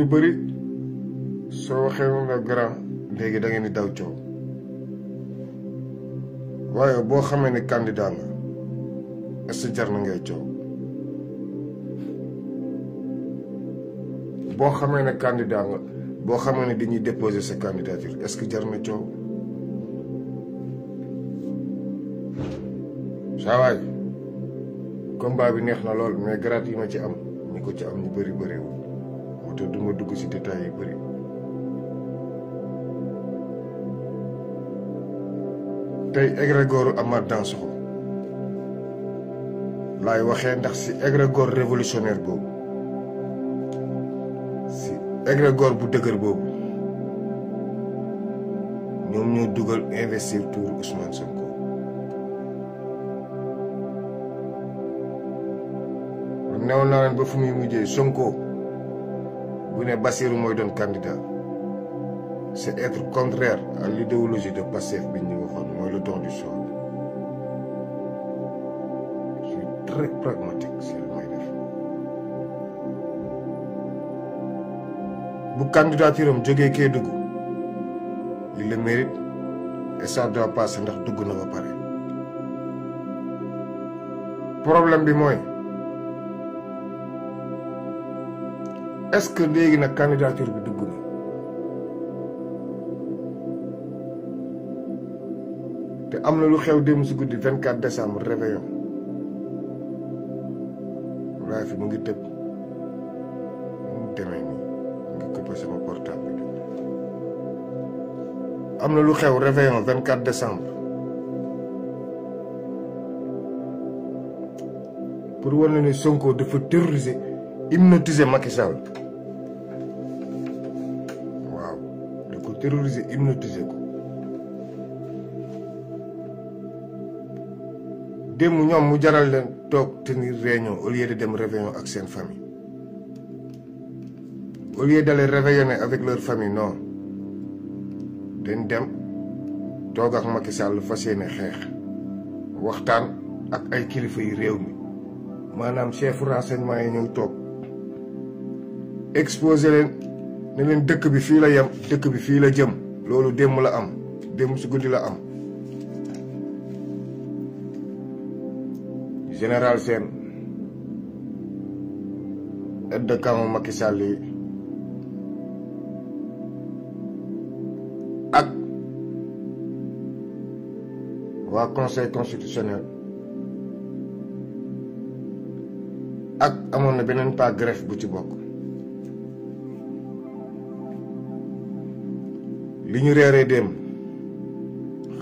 ñu bëri soo waxee moom nga léegi da ngeen di daw coow waaye boo xamee ne candidat nga na ngay coow boo xamee ne candidat nga boo xamee ne dañuy déposer sa candidature est-ce que jar na coow saa waay combat bi neex na lool mais grade yi ma ci am ñu ko ci am ñu bëri bëriwul ko te duma dugg si détails yu bëri tey égrégore Amath Dansokho laay waxee ndax ci égrégore révolutionnaire boobu ci égrégore bu dëgër boobu ñoom ñoo dugal investir tour Ousmane Sonko neew naa leen ba fu muy mujjee Sonko bu ne Bassirou mooy doon candidat c'est être contraire à l'idéologie de Pastef bi ñu waxoon mooy le du sang je suis pragmatique si lu may def bu candidature am kee dugg il le mérite et ça doit passer ndax dugg na ba pare problème bi mooy est-ce que léegi nag candidature bi dugg na te am na lu xew démb si guddi 24 décembre réveillon waaye fi mu ngi tëb mu ngi coupé am na lu xew réveillon 24 décembre pour war na ni Sonko dafa terroriser hypnotiser Macky terroriser hypnotiser ko démb ñoom mu jaral leen toog tenir réunion au lieu de dem réveillon ak seen famille au lieu d'aller réveillonner avec leur famille non dañ dem toog ak Macky Sall fas yéene xeex waxtaan ak ay kilifa réew mi maanaam chef renseignement yi ñëw toog exposé leen ne leen dëkk bi fii la yem dëkk bi fii la jëm loolu démb la am démb si guddi la am général Sène aide de camp Macky Sall yi ak waa conseil constitutionnel ak amoon na beneen pas greffe bu ci bokk li ñu reeree dem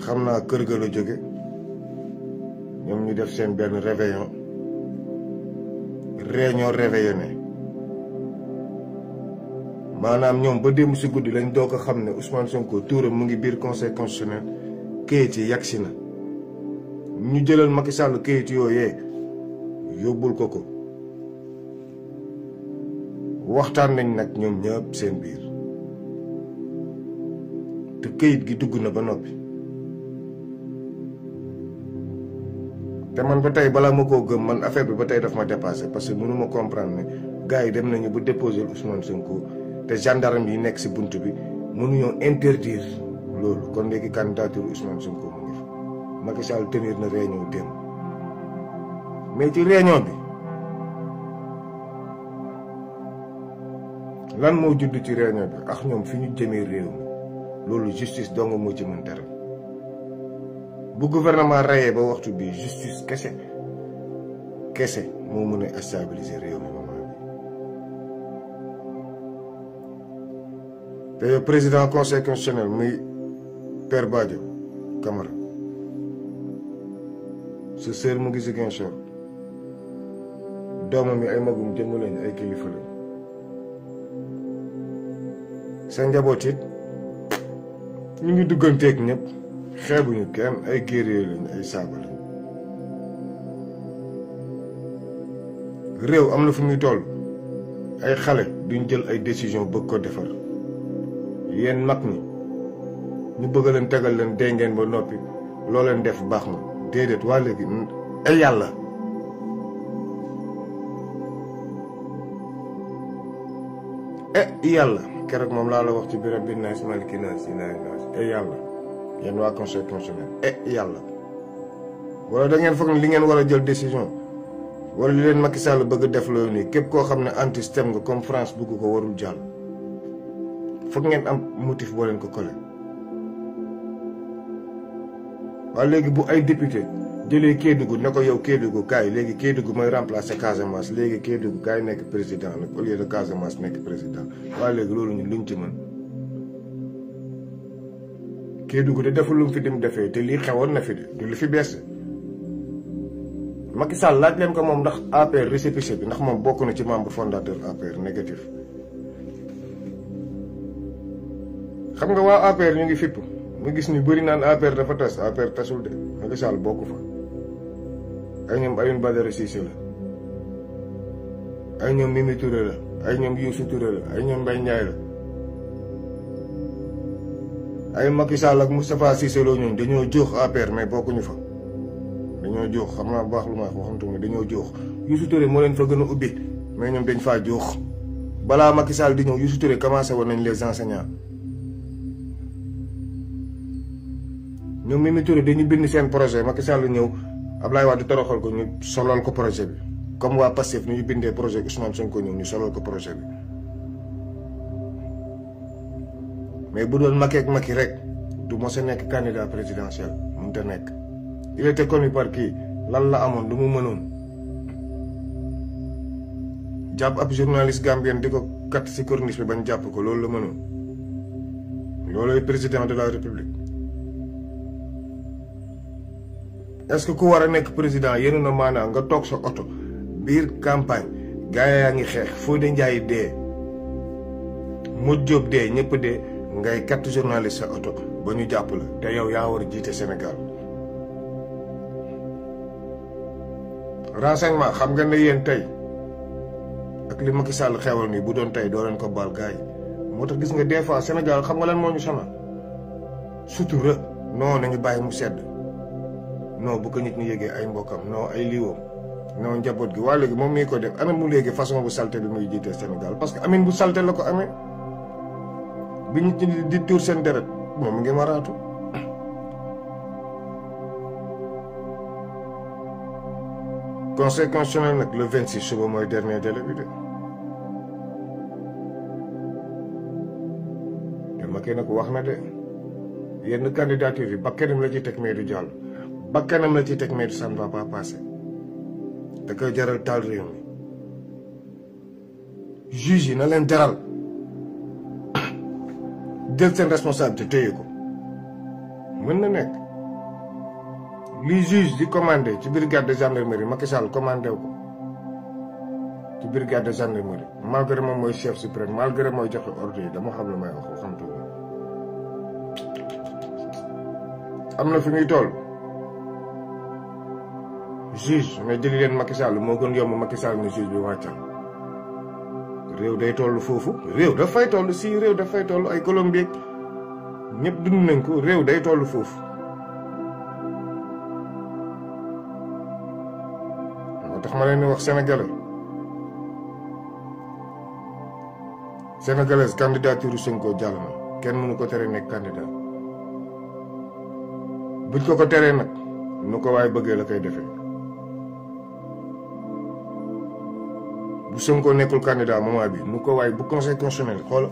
xam naa kër ga la jóge ñoom ñu def seen benn réveillon réunion réveillonné maanaam ñoom ba démb si guddi lañ doo ko xam ne Ousmane Sonko tuuram mu ngi biir conseil constitutionnel kayit yi yàgg si na ñu jëlal Macky sàll kayit yooyee yóbbul ko ko waxtaan nañ nag ñoom ñëpp seen biir te këyit gi dugg na ba noppi te man ba tey balaa ma koo gëm man affaire bi ba tey daf ma dépassé parce que mënuma comprendre ne gars yi dem nañu ba déposé Ousmane Sonko te gendarme yi nekk si bunt bi mënuñoo interdire loolu kon léegi candidature Ousmane Sonko mu ngi fi Macky Sall tenir na réunion démb mais ci réunion bi lan moo judd ci réunion bi ak ñoom fi ñu jëmee réew loolu justice dong moo ci mën dara bu gouvernement reyee ba waxtu bii justice kese kese moo ne a stabiliser réew mi moment bi te président conseil constitutionnel muy Père Badio Camara sa sœur mu ngi Ziguinchor doomam yi ay magum jëngu lañ ay kilifa lañ ñu ngi dugganteeg ñëpp xeebuñu kenn ay guerrier lañ ay saaba lañ réew am na fu muy toll ay xale duñ jël ay décision bëgg ko defar yenn mag ni ñu bëgg leen tegal leen dengeen ba noppi loo leen def baax na déedéet waa léegi ay yàlla e yàlla keroog moom laa la wax ci birab bi naas maliki naa ilaahi naas e eh, yàlla yéen waa conseil constitutionnel e yàlla wala da ngeen foog li ngeen war a jël décision wala li leen Macky Sall bëgg def loolu nii képp koo xam ne anti système nga comme France bëgg ko warul jàll foog ngeen am motif boo ko collé waaye léegi bu ay député jëlee Kédougou ne ko yow Kédougou kaay léegi Kédougou mooy remplacer Casamance léegi Kédougou kaay nekk président nag au lieu de Casamance nekk président waaye léegi loolu ñun luñ ci mën. Kédougou de deful lu fi dem defee te lii xewoon na fi de du lu fi bees. Macky Sall laaj leen ko moom ndax APR récépissé bi ndax moom bokk na ci membre fondateur APR négatif. xam nga waa APR ñu ngi fipp mu gis ni bari naan APR dafa tas APR tasul de Macky Sall bokk fa. ay ñoom Alioune Badara Cissé la ay ñoom Mimi Touré la ay ñoom Youssou Touré la ay ñoom Mbaye Ndiaye la ay Macky Sall ak Moustapha Cissé Lo dañoo jox APR mais bokkuñu fa dañoo jox xam naa baax lu ma wax waxantuma dañoo jox Youssou Touré moo leen fa gën a ubbi mais ñoom dañ faa jox balaa Macky Sall di ñëw Youssou Touré commencé woon nañ les enseignants ñoom Mimi Touré dañu bind seen projet Macky Sall ñëw Ablaye Wade toroxal ko ñu solal ko projet bi comme waa Pastef ni ñu bindee projet bi Ousmane Sonko ñëw ñu solal ko projet bi mais bu doon Macky ak Macky rek du mos a nekk candidat présidentiel mënut a nekk. il était connu par kii lan la amoon lu mu mënoon jàpp ab journaliste gambien di ko kat si corniche bi bañ jàpp ko loolu la mënoon loolooy président de la république. est-ce que ku war a nekk président yéen na maanaam nga toog sa oto biir campagne gars yaa ngi xeex Fodé Ndiaye dee Modou Diop dee ñëpp dee ngay katt journaliste sa oto ba ñu jàpp la te yow yaa war a jiite Sénégal. renseignement xam nga ne yéen tey ak li Macky Sall xewal nii bu doon tey doo leen ko baal gars yi moo tax gis nga des fois Sénégal xam nga lan moo ñu sonal sutura non nañu bàyyi mu sedd. non bu ko nit ñi yëgee ay mbokkam non ay liiwam non njaboot gi waa léegi moom mii ko def ana mu léegi façon bu salte bi muy jiite Sénégal parce que amin bu salte la ko amee bi ñi tuur seen deret moom mu ngi maraatu conseil constitutionnel nag le 26 suba mooy dernier délai bi de te ma kii wax na de yenn candidature yi ba kenn la ci teg mais du jàll ba kanam la ci teg mais ça ne va koy jaral taal réew mi juge yi na leen jaral jël seen responsabilité téye ko mën na nekk li juge di commandé ci brigade de gendarmerie Macky Sall commandé ko ci brigade de gendarmerie malgré moom mooy chef suprême malgré mooy joxe ordre yi dama xam lu may wax xam tuuti am na fi muy toll. juge nga jëli leen Macky Sall moo gën yomb Macky Sall ne juge bi wàccal réew day toll foofu réew dafay toll si réew dafay toll ay Colombie ñëpp dund nañ ko réew day toll foofu moo tax ma leen di wax sénégalais sénégalais candidature Sonko jàll na kenn mënu ko tere nekk candidat buñ ko ko teree nag nu ko waaye bëggee la koy defee bu Sonko nekkul candidat moment bi nu ko waaye bu conseil constitutionnel xool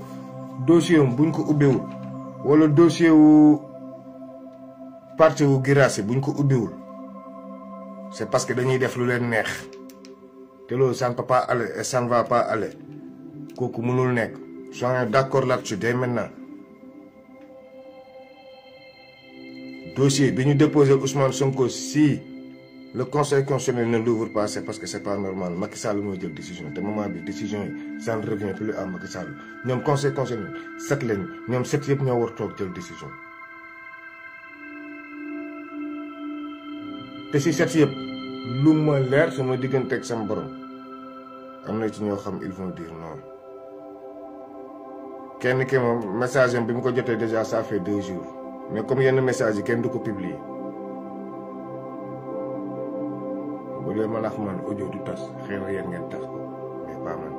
dossier am buñ ko ubbiwul wala dossier wu parti wu Guirassy buñ ko ubbiwul c'est parce que dañuy def lu leen neex te loolu ça ne peut pas aller et va pas aller kooku mënul nekk soyons d'accord là-dessus dès maintenant dossier bi ñu déposé Ousmane Sonko si le conseil constitutionnel ne l'ouvre pas c'est parce que c'est pas normal Macky Sall mooy jël décision te moment bi décision yi ça ne plus à Macky Sall ñoom conseil constitutionnel set lañu ñoom set yëpp ñoo war toog décision te si set yëpp lu ma leer sama diggante ak sama borom am na ci ñoo xam ils vont dire non kenn ki moom message am bi mu ko jotee déjà ça fait deux jours mais comme yenn message yi kenn du ko publier. yooyu man audio du tas xëy na yéen ngeen tax mais pas man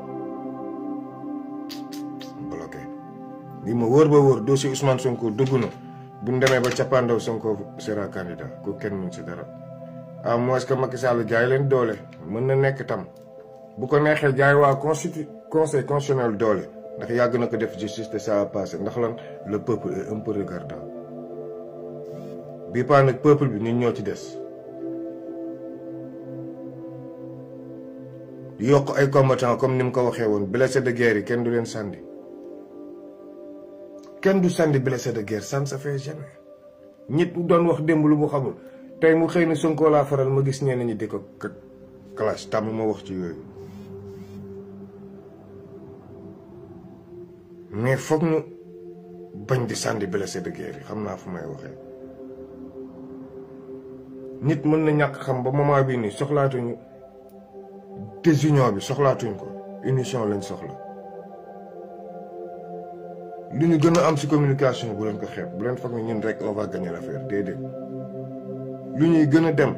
li ma wóor ba wóor dossier Ousmane Sonko dugg na bu ñu demee ba cappaandaw Sonko sera candidat ko kenn mun si dara à moins que Macky Sall jaay leen doole mën na nekk tam bu ko neexee jaay waa constitu conseil constitutionnel doole ndax yàgg na ko def justice te ça a ndax lan le peuple est un peu regardant bii paa peuple bi ñun ñoo ci des yokk ay combattant comme ni mu ko waxee woon blessé de guerre yi kenn du leen sànni kenn du sànni blessé de guerre ça ne se fait ñit doon wax démb lu mu xëy na Sonko laa faral ma gis ñenn di ko clash tàmm wax ci yooyu mais foog ñu bañ di sànni naa fu may nit mën na ñàkk xam ba moment bii nii soxlaatuñu te union bi soxlaatuñ ko unition lañ soxla lu ñu gën a am ci communication bu leen ko xeeb bu leen foog ne ñun rek on va gagner l'affaire déedéet lu ñuy gën a dem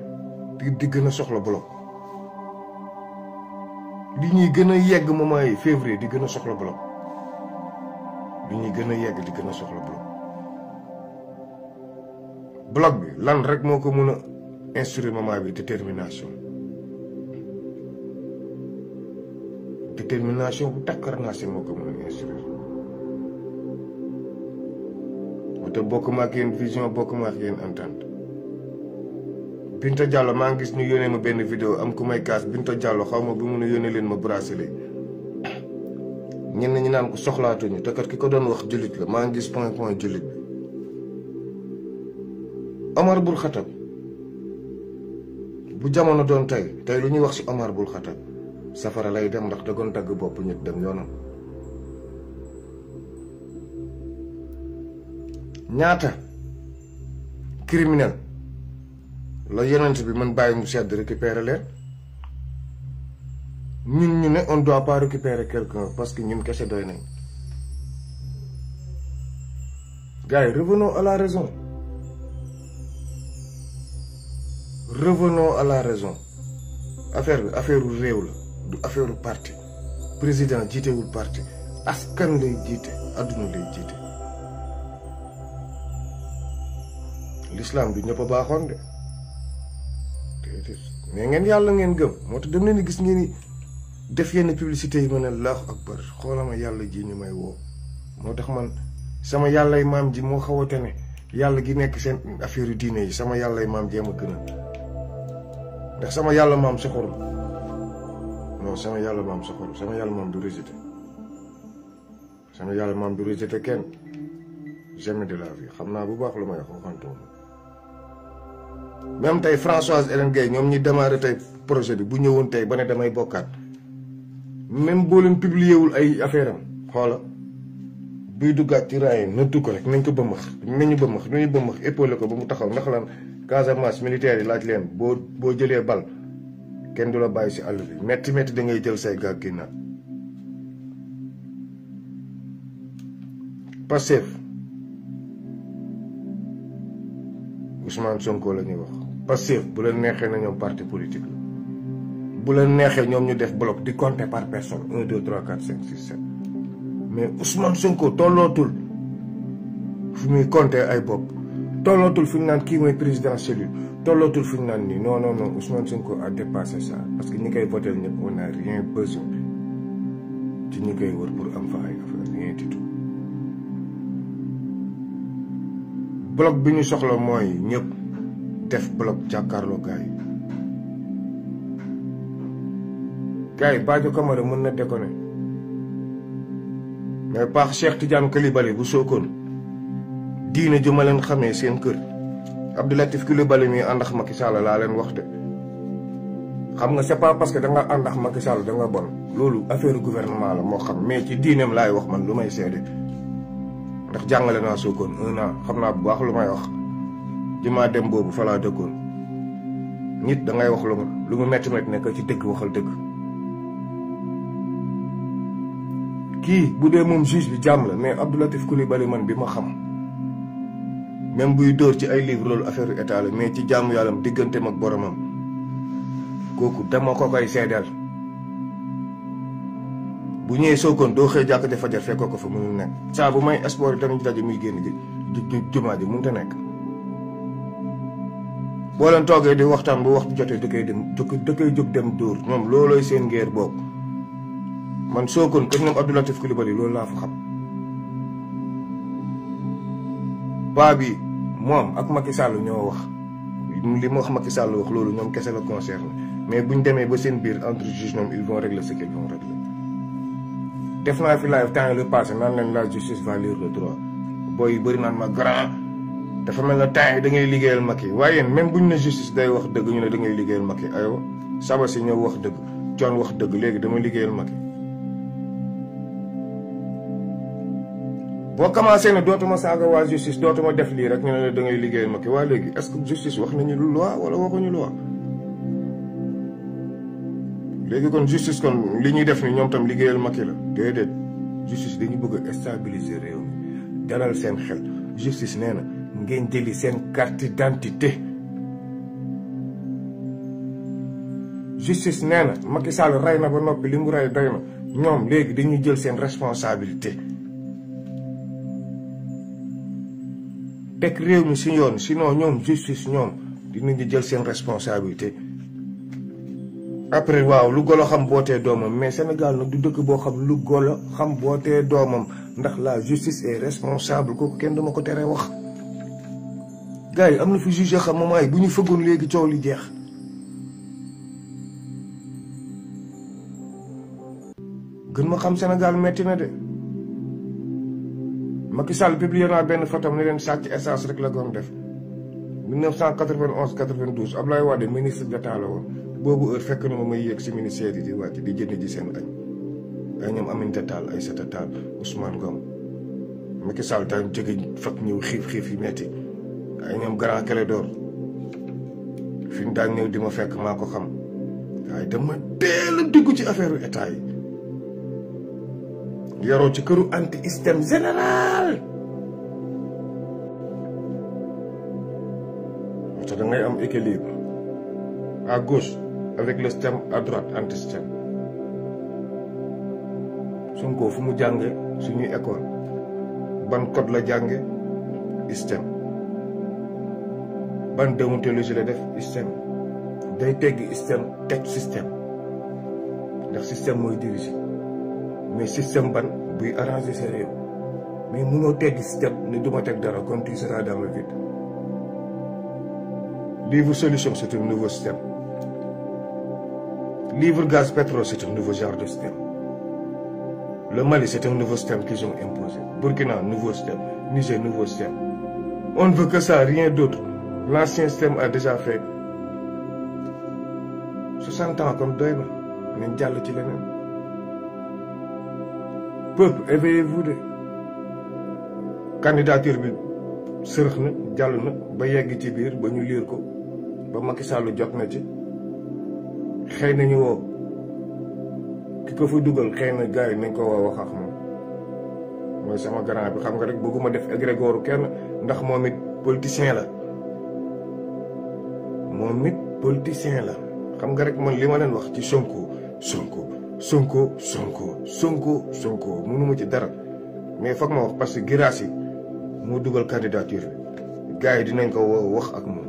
di gën a soxla bloc li ñuy gën a yegg moment yi di gën a soxla bloc li ñuy a yegg di gën a soxla bloc bi lan rek moo ko mën a instruire moment bi détermination. détermination bu takkarnaase moo ko mën a instruire bu te bokkuma ak yéen vision bokkuma ak yéen entente Binta Diallo maa ngi gis ñu yónnee ma benn vidéo am ku may kaas Binta Diallo xaw ma bu mu ne yónnee leen ma bracelet ñenn ñi naan ko soxlaatuñu te kat ki ko doon wax jullit la maa ngi gis point point jullit bi Omar bul Xatab bu jamono doon tey tey lu ñuy wax ci Omar bul Xatab safara lay dem ndax dagoon dagg bopp nit dem yoonam ñaata criminel la yonent bi man bàyyi mu sedd récupérer leen ñun ñu ne on doit pas récupérer quelqu'un parce que ñun kese doy nañ gars yi revenons à la raison revenons à la raison affaire bi affaire u réew la du affaire parti président jiitewul parti askan lay jiite adduna lay jiite l'islam du ñëpp baaxoon de mais ngeen yàlla ngeen gëm moo tax dem leen gis ngeen ni def yenn publicité yi ma ne ak akbar xoolama yàlla ji ñu may woo moo tax man sama yàllay maam ji moo xaw a tane yàlla gi nekk seen affaire yu diine yi sama yàllay maam jéem a gën ndax sama yàlla maam soxorul non sama yàlla maam soxoru sama yàlla maam du rejeté sama yàlla maam du rejeté kenn jamais de la vie xam naa bu baax lu may wax waxantuma même tey Françoise Hélène Guèye ñoom ñi démarré tey projet bi bu ñëwoon tey ba ne damay bokkaat même boo leen publié wul ay affaire am xoola buy duggaat ci raay na ko rek nañ ko bëmmax nañu bëmmax nañu bëmmax épaulé ko ba mu taxaw ndax lan Casamance militaire yi laaj leen boo boo jëlee bal kenn du la bàyyi si àll bi metti metti da ngay jël say gaag génnaat Pastef Ousmane Sonko la ñuy wax Pastef bu la neexee na ñoom parti politique la bu la neexee ñoom ñu def bloc di compter par personne un deux trois quatre cinq six sept mais Ousmane Sonko tollootul fu muy compter ay bopp. tollootul fu ñu naan kii mooy président cellule tollootul fu ni naan nii non non non Ousmane Sonko a dépassé parce que ñi koy voté ñëpp on a rien besoin ci ñi koy wër pour am fa ay affaire rien du tout bi ñu soxla mooy ñëpp def bloc jàkkaarloo gars yi gars yi Badio Camara mën na déconner mais Pape Cheikh Tidiane Coulibaly bu Sokone diine ju ma leen xamee seen kër Abdou Latif Coulibaly mi ànd ak Macky Sall laa leen wax waxte xam nga c'est pas parce que da nga ànd ak Macky Sall bon loolu affaire gouvernement la moo xam mais ci diineem laay wax man lu may seede ndax jàngale naa Sokone un an xam naa bu baax lu may wax jumaa dem boobu falaa laa dëkkoon nit da wax lu lu mu métti métti nekk ci dëgg waxal dëgg kii bu dee moom juge bi jàmm la mais Abdou Latif man bi ma xam même buy dóor ci ay livre loolu affaire état la mais ci jaamu yàllam digganteem ak boromam kooku dama ko koy seedeel bu ñëwee soogoon doo xëy jàkk dafa jar fekkoo ko fa mënul nekk saa bu may sport yi danañ daje muy génn ji jumaa ji mënut a nekk boo toogee di waxtaan bu waxtu jotee da koy dem da koy jóg dem dóor ñoom loolooy seen ngeer boobu man soogoon kër ñoom Abdou Latif Coulibaly loolu laa fa xam paa bi moom ak Macky Sall ñoo wax li mu wax Macky Sall wax loolu ñoom kese la concerne mais bu ñu demee ba seen biir entre juges ñoom ils vont régler ce qu'ils vont régler def naa fi live temps le passé naan leen la justice va lire le droit booy yu bëri naan ma grand dafa mel ne temps yi da ngay liggéeyal Macky waaye yéen bu ñu ne justice day wax dëgg ñu ne da ngay liggéeyal Macky aywa saba si ñëw wax dëgg coon wax dëgg léegi dama liggéeyal Macky boo commencé na dootuma saaga waa justice dootuma def lii rek ñu ne la da ngay liggéeyal ma ki waa léegi est-ce que justice wax nañu loi wala waxuñu loi léegi kon justice kon li ñuy def ni ñoom tam liggéeyal Macky la déedéet justice dañu bëgg a stabiliser réew mi dalal seen xel justice nee na ngeen jëli seen carte d'identité justice nee na Macky Sall rey na ba noppi li mu rey doy na ñoom léegi dañuy jël seen responsabilité teg réew mi si yoon sinon ñoom justice ñoom dinañu jël seen responsabilité après waaw lu golo xam bootee doomam mais Sénégal nag dëkk boo xam lu golo xam bootee doomam ndax la justice est responsable kooku kenn dama ko tere wax gars yi am na fi juge xam mamaay bu ñu fëggoon léegi coow lu jeex gën ma xam Sénégal metti na de Macky Sall publié naa benn photo ne leen sàcc essence rek la doon def 1991 92 Abdoulaye Wade ministre d'État la woon boobu heure fekk na ma may yéeg si ministère yi di wàcc di jënd ji seen añ ay ñoom Aminata Tall Aïssata Tall Ousmane Ngom Macky Sall daan jóge fag ñëw xiif xiif yi metti ay ñoom Grand Clédor fi mu ñëw di ma fekk maa ko xam waaye dama teel a dugg ci affaire état yi yaroo ci këru anti système général parce que da ngay am équilibre à avec le système à droite anti système Sonko fu mu jànge suñuy école ban code la jànge système ban déontologie la def système day teg système teg système ndax système mooy diriger. mais système ban buy arrangé sa réew mais mënoo teggi si jat ne duma teg dara kon tu seras dans le vide livre solution c'est un nouveau système livre gaz pétrole c'est un nouveau genre de système le Mali c'est un nouveau système qu'ils ont imposé Burkina nouveau système Niger nouveau système on veut que ça rien d'autre l'ancien système a déjà fait 60 ans kon doy na nañ jàll ci leneen peuple éveillez-vous de candidature bi sërëx na jàll na ba yegg ci biir ba ñu liir ko ba Macky Sall jot na ci xëy nañu woo ki ko fa dugal xëy na gars nañ ko woo wax ak moom mooy sama grand bi xam nga rek bëgguma def égrégore kenn ndax moo it politicien la moom it politicien la xam nga rek man li ma leen wax ci Sonko Sonko Sonko Sonko Sonko Sonko mënuma ci dara mais foog ma wax parce que Guirassy moo dugal candidature bi gars yi dinañ ko wax ak moom.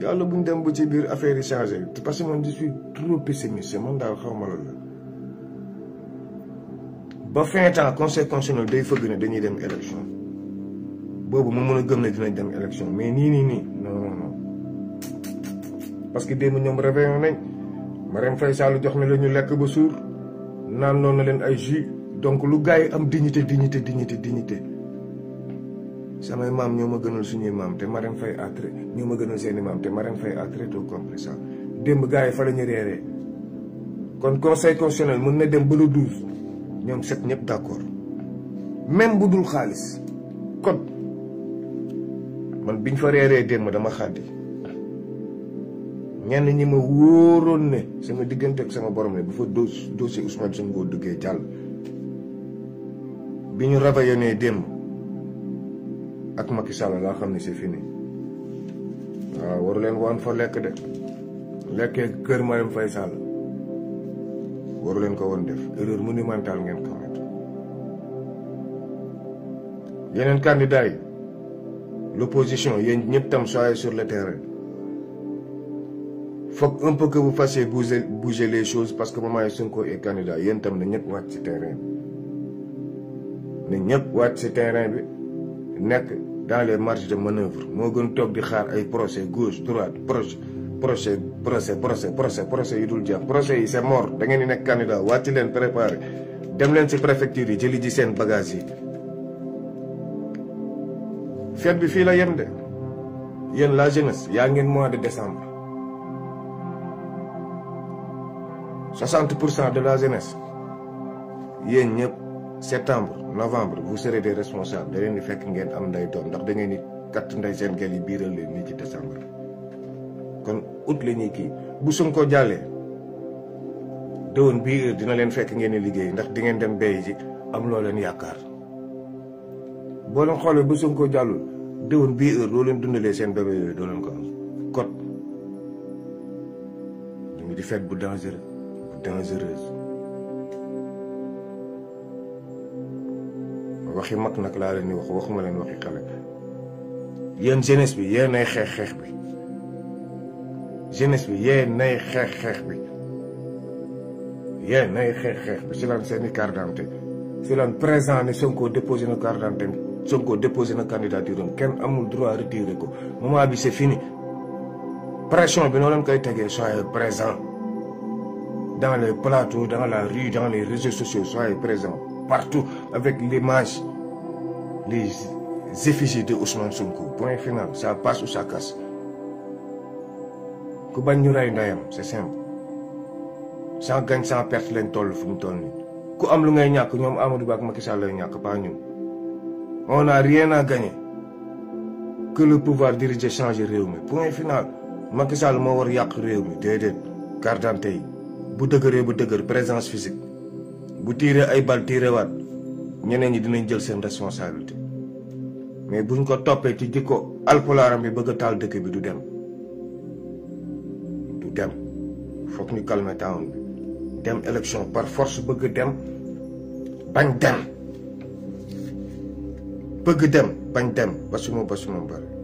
yàlla buñ dem ba ci biir affaire yi changé parce que man je suis trop man daal xaw ma loolu la ba fin temps conseil constitutionnel day fëgg ne dañuy dem élection boobu ma mën a gëm ne dinañ dem élection mais nii nii nii non non parce que démb ñoom réveillé nañ. Marème Faye Sall jox na leen ñu lekk ba suur naan noon na leen ay jus donc lu gars yi am dignité dignité dignité dignité samay maam ñoo ma gënal suñuy maam te Marème Faye a ñoo ma gënal seeni maam te Marème Faye a très tôt démb gars yi fa la ñu reeree kon conseil constitutionnel mën na dem ba le douze ñoom set ñëpp d'accord même bu dul xaalis kon man biñ fa reeree démb dama xaddi ñenn ñi ma wóoroon ne sama diggante ak sama borom ne bu fa dossier Ousmane Sonko duggee jàll bi ñu réveillonné démb ak Macky Sall laa xam ne c'est fini waaw waru leen woon fa lekk de lekkee kër Marième Faye Sall waru leen ko woon def erreur monumentale ngeen commettre yeneen candidats yi l'opposition yéen ñëpp tam soyez sur le terrain faut un peu que vous fassiez bouger bouger les choses parce que Mama Sonko est candidat yéen itam na ñëpp wàcc ci terrain bi na ñëpp wàcc ci terrain bi nekk dans les marges de manœuvre moo gën toog di xaar ay procès gauche droite proche procès procès procès procès procès yu dul jeex procès yi c'est mort da ngeen di nekk candidat wàcc leen préparé dem leen si préfecture yi jëli ji seen bagage yi fête bi fii la yem de yéen la jeunesse yaa ngeen mois de décembre 60 pour cent de la jeunesse yéen ñëpp septembre novembre bu serez des responsables da leen di fekk ngeen am nday doom ndax da ngeen di katt nday seen gel yi biiral leen nii ci décembre kon août la ñuy kii bu Sonko jàllee dëwoon bii heure dina leen fekk ngeen di liggéey ndax di ngeen dem béy ji am loo leen yaakaar boo leen xoolee bu Sonko jàllul dëwoon bii heure loo leen dundalee seen bébé yooyu doo leen ko am kot ñu di fet bu dangereux dangereuse waxi mag nag laa leen di wax waxuma leen waxi xale yéen jeunesse bi yéen nay xeex xeex bi jeunesse bi yéen nay xeex xeex bi yéen nay xeex xeex bi si lan seeni carte d'identité si lan présent ni Sonko déposé na carte d'identité Sonko déposé na candidature am kenn amul droit retiré ko moment bi c'est pression bi noo leen koy tegee soyez présent dans les plateaux, dans la rue, dans les réseaux sociaux. Soyez présents partout avec l'image, les effigies de Ousmane Sonko. Point final, ça passe ou ça casse. ku bañ ñu rey ndeyam c'est simple sans gagne sans perte leen toll fu mu toll nii ku am lu ngay ñàkk ñoom Amadou Ba ak Macky lay ñàkk pas ñun on a rien à gagner que le pouvoir diriger changer réew mi point final Macky Sall moo war yàq réew mi déedéet gardante yi bu dëgëree bu dëgër présence physique bu tiiree ay bal tiirewaat ñeneen yi dinañ jël seen responsabilité mais buñ ko toppee ci jikko alpolaaram bi bëgg a taal dëkk bi du dem du dem foog ñu calmer town bi dem élection par force bëgg dem bañ dem bëgg dem bañ dem ba suma ba suma bari